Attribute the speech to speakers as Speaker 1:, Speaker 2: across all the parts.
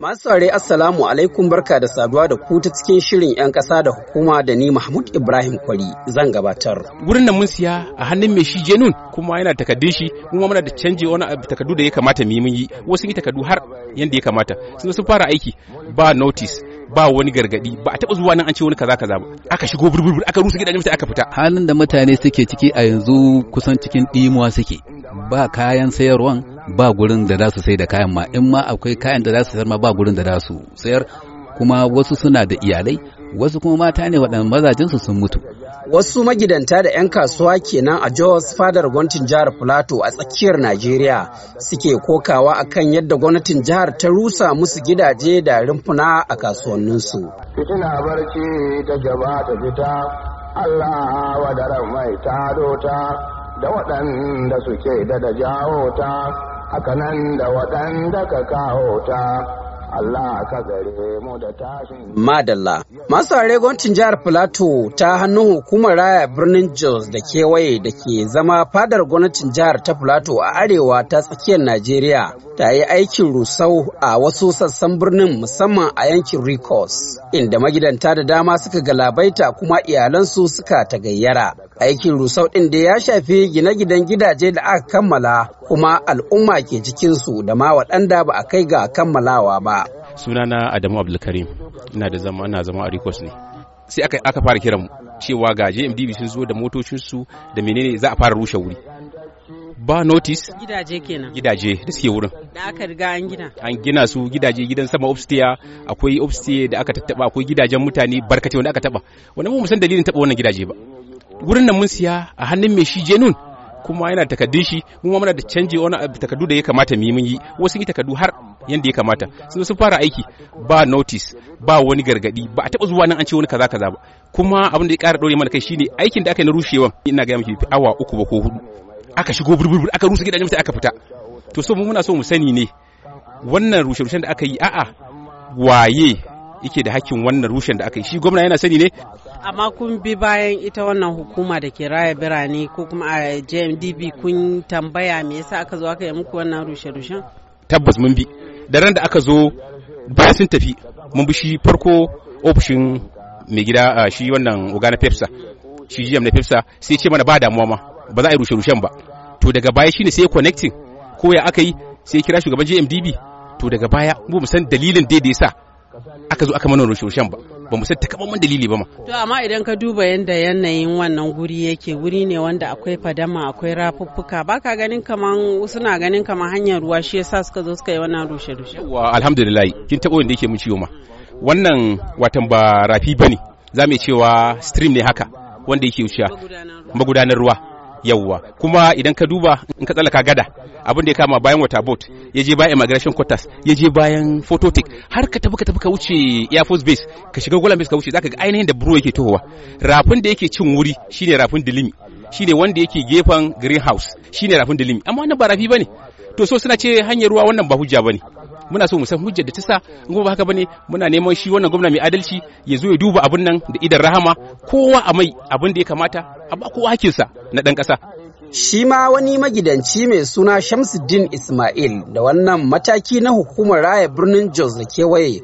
Speaker 1: Masu saurari Assalamu alaikum barka da saduwa da ku ta cikin shirin 'yan ƙasa da hukuma da ni Mahmud
Speaker 2: Ibrahim Kwari zan gabatar. Wurin da mun siya a hannun mai shi jenun kuma yana takardun shi kuma muna da canji wani takardu da ya kamata mu yi mun yi wasu yi takardu har yadda ya kamata sun sun fara aiki ba notice ba wani gargadi ba a taɓa zuwa nan an ce wani kaza kaza ba aka shigo burburbur
Speaker 3: aka rusa gidajen mutane aka fita halin da mutane suke ciki a yanzu kusan cikin dimuwa suke ba kayan sayarwan ba gurin da za su sai da kayan ma in ma akwai kayan da za su sayar ma ba gurin da za su sayar kuma wasu suna da iyalai wasu kuma mata ne waɗanda mazajensu sun mutu
Speaker 1: wasu magidanta da 'yan kasuwa kenan a jos fadar gwamnatin jihar Filato a tsakiyar najeriya suke kokawa akan yadda gwamnatin jihar ta rusa musu gidaje da rumfuna a kasuwanninsu
Speaker 4: fitina barci ta gaba ta fita allah mai ta da waɗanda suke da da jawo ta a kanan da waɗanda ka kawo ta
Speaker 1: Madalla, masu aregoncin jihar Filato ta hannun hukumar raya birnin Jos da kewaye da ke zama fadar gwamnatin jihar ta Filato a arewa ta tsakiyar Najeriya ta yi aikin rusau a wasu sassan birnin musamman a yankin Rikos, inda magidanta da dama suka galabaita kuma iyalansu suka tagayyara. Aikin rusau ɗin da ya shafi gine-ginen gidaje da aka kammala kuma al'umma ke cikinsu da ma waɗanda ba a kai ga kammalawa ba.
Speaker 2: sunana adamu abdulkarim ina da zama ina zama a rikos ne sai aka aka fara kiran cewa ga jmdb sun zo da motocinsu da menene za a fara rushe wuri ba notice
Speaker 1: gidaje kenan
Speaker 2: gidaje da suke wurin
Speaker 1: da aka riga an gina
Speaker 2: an gina su gidaje gidan sama obstia akwai obstia da aka tattaba akwai gidajen mutane barkatai wanda aka taba wannan mu san dalilin taba wannan gidaje ba wurin nan mun siya a hannun mai shi jenun kuma yana takaddun shi mu ma muna da canji wani takaddu da ya kamata mu yi mun yi wasu yi takaddu har yanda ya kamata sun sun fara aiki ba notice ba wani gargadi ba a taba zuwa nan an ce wani kaza kaza ba kuma abin da ya kara dore mana kai shine aikin da aka yi na rushewa ina ga miki awa uku ba ko hudu aka shigo burburbur aka rusa gidajen mutane aka fita to so mu muna so mu sani ne wannan rushe-rushen da aka yi a'a waye yake da hakkin wannan rushen da aka yi shi gwamna yana sani ne
Speaker 1: amma kun bi bayan ita wannan hukuma da ke raya birane ko kuma a JMDB kun tambaya me yasa aka zo aka yi muku wannan rushe rushen
Speaker 2: tabbas mun bi da ran da aka zo bayan sun tafi mun bi shi farko ofishin mai gida shi wannan ogana pepsa shi jiyam na pepsa sai ce mana ba damuwa ma ba za a yi rushe rushen ba to daga baya shine sai connecting ko ya aka yi sai kira shugaban JMDB to daga baya mu san dalilin da ya sa aka zo aka mana rushe-rushen ba ba mu san takamaiman dalili ba ma
Speaker 1: to amma idan ka duba yanda yanayin wannan guri yake guri ne wanda akwai fadama akwai rafuffuka baka ganin kaman suna ganin kaman hanyar ruwa shi yasa suka zo suka yi wannan rushe-rushe wa
Speaker 2: alhamdulillah kin tabo inda yake mun ciwo ma wannan watan ba rafi bane za mu cewa stream ne haka wanda yake wuciya magudanar ruwa yawwa kuma idan ka duba in ka tsallaka gada abin da ya kama bayan wata boat ya je bayan immigration quarters ya je bayan phototic har ka tafi ka tafi ka wuce air force base ka shiga gwalan base ka wuce zaka ga ainihin da buro yake tohowa rafin da yake cin wuri shine rafin dilimi shine wanda yake gefen greenhouse shine rafin dilimi amma wannan ba rafi bane to so suna ce hanyar ruwa wannan ba hujja bane muna so mu san hujjar da ta sa in kuma ba haka bane muna neman shi wannan gwamna mai adalci ya zo ya duba abin nan da idan rahama kowa a mai abin da ya kamata a ba kowa hakinsa na dan kasa Shi ma wani magidanci mai
Speaker 1: suna Shamsuddin Ismail da wannan mataki na hukumar raya birnin Jos da kewaye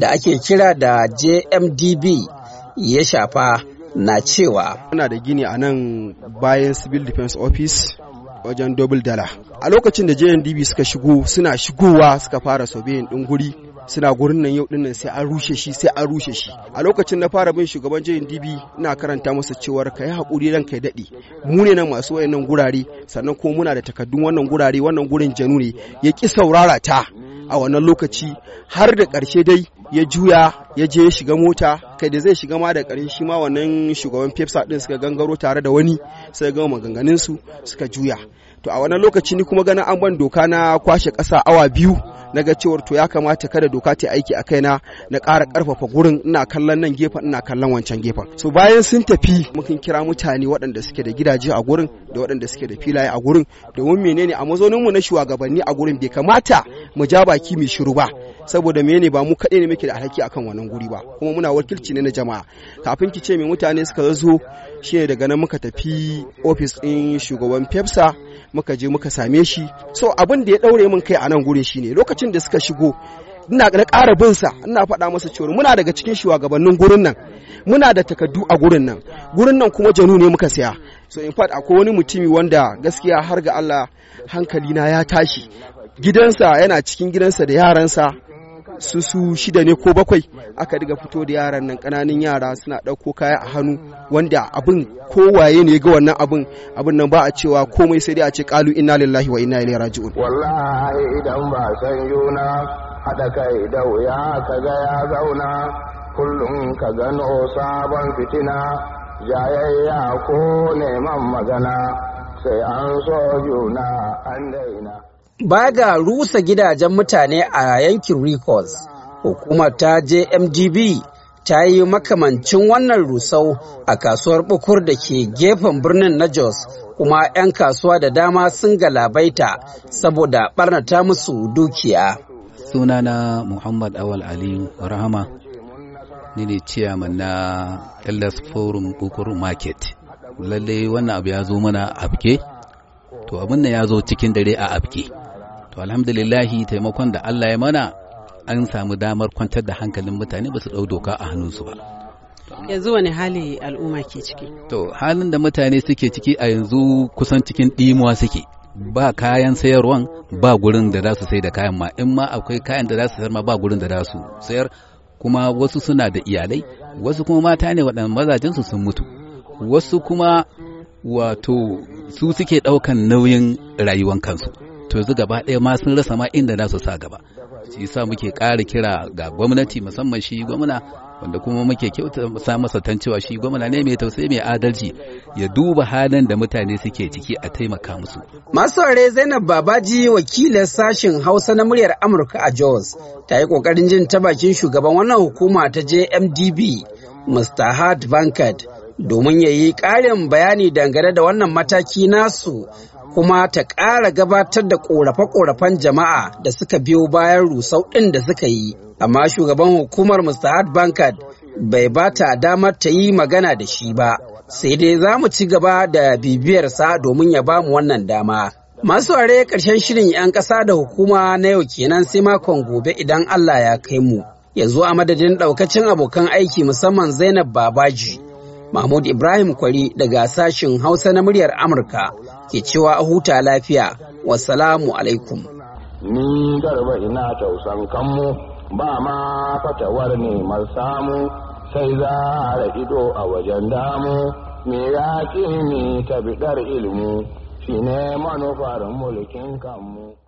Speaker 1: da ake kira da JMDB ya shafa na
Speaker 5: cewa. Muna da gini a nan bayan Civil Defense Office wajen double dala a lokacin da jndb suka shigo suna shigowa suka fara sobeyin din guri suna gurin nan yau nan sai an rushe shi sai an rushe shi a lokacin na fara bin shugaban jndb ina karanta masa cewar ka yi haƙuri ran kai daɗe mu ne nan masu wayannan gurare sannan kuma muna da takaddun wannan gurare wannan gurin janu ne ya ƙi saurara ta a wannan lokaci har da ƙarshe dai ya juya ya je ya shiga mota kai da zai shiga ma da karin shi ma wannan shugaban pepsa din suka gangaro tare da wani sai gama maganganun su suka juya to a wannan lokaci ni kuma ganin an ban doka na kwashe ƙasa awa biyu na ga cewar to ya kamata kada doka ta aiki a kaina na ƙara ƙarfafa gurin ina kallon nan gefen ina kallon wancan gefen so bayan sun tafi mukan kira mutane waɗanda suke da gidaje a gurin da waɗanda suke da filaye a gurin domin menene a mazaunin mu na shugabanni a gurin bai kamata mu ja baki mai shiru ba saboda ne ba mu kaɗai ne muke da alhaki akan wannan guri ba kuma muna wakilci ne na jama'a kafin ki ce me mutane suka zo shi ne daga nan muka tafi ofis ɗin shugaban fepsa muka je muka same shi so abin da ya ɗaure min kai a nan gurin shine lokacin da suka shigo ina na ƙara bin sa ina faɗa masa cewa muna daga cikin shugabannin gurin nan muna da takaddu a gurin nan gurin nan kuma janu ne muka saya so in fact akwai wani mutumi wanda gaskiya har ga Allah hankali na ya tashi gidansa yana cikin gidansa da yaransa su su shida ne ko bakwai aka diga fito da yaran nan kananan yara suna ɗauko kaya a hannu wanda abin kowaye ne ga wannan abin abin nan ba a cewa komai sai dai a ce kalu inna lillahi wa inna ilaihi raji'un
Speaker 4: wallahi idan ba san yuna hada kai da wuya kaga ya zauna kullum ka gano sabon fitina jayayya ko neman magana sai an so juna an daina
Speaker 1: Ba ga rusa gidajen mutane a yankin Rikos, hukumar ta JMDB ta yi makamancin wannan rusau a kasuwar bukur da ke gefen birnin na Jos kuma 'yan kasuwa da dama sun galabaita saboda barnata musu dukiya.
Speaker 3: Sunana Muhammad Awal Ali Rahama ni ne ciyaman na Forum Bukur Market. Lallai wannan abu ya zo mana a To abin da ya zo cikin dare a abke. to alhamdulillahi taimakon da Allah ya mana an samu damar kwantar da hankalin mutane ba su ɗau doka a hannunsu ba
Speaker 1: yanzu wani hali al'umma ke
Speaker 3: ciki to halin da mutane suke ciki a yanzu kusan cikin ɗimuwa suke ba kayan sayarwan ba gurin da za su sai da kayan ma in ma akwai kayan da za su sayar ma ba gurin da za su sayar kuma wasu suna da iyalai wasu kuma mata ne waɗanda mazajensu sun mutu wasu kuma wato su suke ɗaukan nauyin rayuwan kansu to yanzu gaba ɗaya ma sun rasa ma inda za su sa gaba shi yasa muke ƙara kira ga gwamnati musamman shi gwamna wanda kuma muke kyauta sa masa cewa shi gwamna ne mai tausayi mai adalci ya duba halin da mutane suke ciki a taimaka musu.
Speaker 1: Masu ware Zainab Babaji wakilin sashen Hausa na muryar Amurka a Jos ta yi kokarin jin ta bakin shugaban wannan hukuma ta JMDB Mr. Hart Bankard domin ya yi ƙarin bayani dangane da wannan mataki nasu kuma ta ƙara gabatar da ƙorafe-ƙorafen jama'a da suka biyo bayan rusau ɗin da suka yi. Amma shugaban hukumar musahad Bankad bai ba ta damar ta yi magana da shi ba, sai dai za mu ci gaba da bibiyarsa domin ya ba mu wannan dama. Masu ware ƙarshen shirin 'yan ƙasa da hukuma na yau kenan sai makon gobe idan Allah ya kai mu. Yanzu a madadin ɗaukacin abokan aiki musamman Zainab Babaji. Mahmud Ibrahim Kwari daga sashin Hausa na muryar Amurka ke cewa a huta lafiya. Wassalamu alaikum.
Speaker 4: Ni garba ina tausan kanmu ba ma fatawar neman samu sai za a ido a wajen damu me ya ce ni tabidar ilmi shi ne manufar mulkin kanmu.